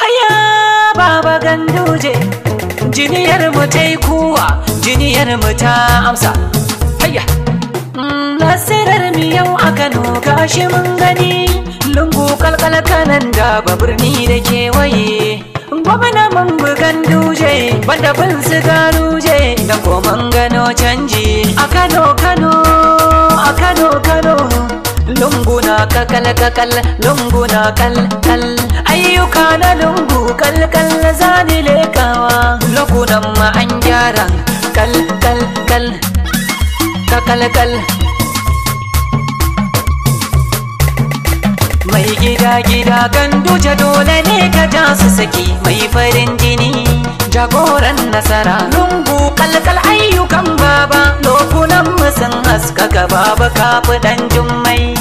haya baba ganduje jiniyar mu ta kuwa jiniyar mu ta amsa haya nasirar mm, mu yau a kano gashi mun gani lungu kalkal kanan da ba birni da kewaye gwamna mun bugan duje banda bin su garuje da koman gano canji kakal kakal lungu na kal kal ayyuka na lungu kal kal zani lekawa lokunan ma an gyara kal kal kal kakal kal mai gida gida kan duje dole ne ka ja su saki mai farin jini jagoran nasara lungu kalkal ayyukan baba lokunan mu sun haskaka baba kafi dan jummai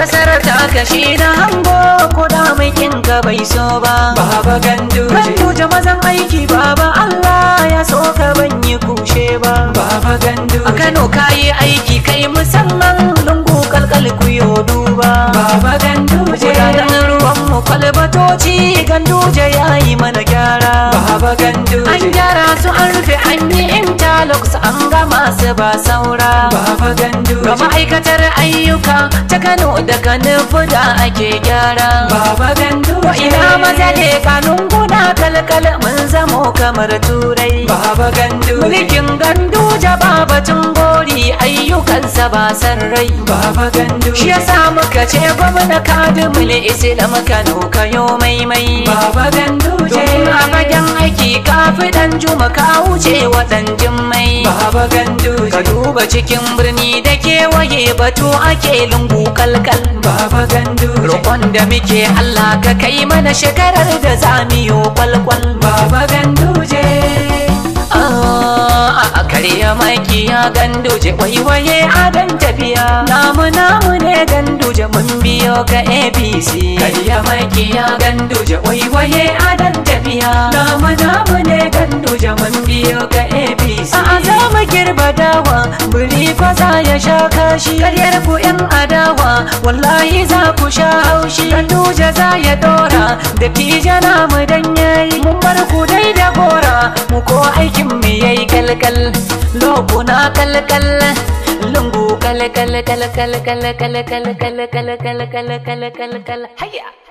kasar ta kashi na hango ko da mai kin ka bai so ba baba ganduje ganduje mazan aiki baba Allah ya so ka ban yi kushe ba baba ganduje a Kano kayi aiki kai musamman lungu kalkal ku yo duba baba ganduje gudanar ruwan mu kwalbatoci ganduje yayi mana gyara baba ganduje an gyara su an rufe an yi an masu ba saura baba ga ma'aikatar ayyuka ta kano da kanufu da ake gyara baba gandu wa ina maza ne kanun guna kalkal mun zamo kamar turai gandu mulkin gandu jaba batun gori ayyukansa ba sarrai rai baba gandu shi muka ce gwamna kadimul islam kano kayo maimai baba gandu a aiki kafi dan juma ka wuce wa dan jimmai baba ka duba cikin birni da kewaye batu ake lungu kalkal baba ganduje roƙon da muke Allah ka kai mana shekarar da zamiyo kwalkwal baba ganduje a karya makiya ganduje waiwaye adon tafiya namu namu ne ganduje mun biyo ga abc karya makiya ganduje waiwaye adon tafiya namu namu ne kashi Kariyar ku yan adawa wallahi za ku sha haushi Kandu za ya dora da na mu dan yayi mun ku dai da gora mu ko aikin mu yayi kalkal lokuna kalkal lungu kalkal kalkal kalkal kalkal kalkal kalkal kalkal kalkal kalkal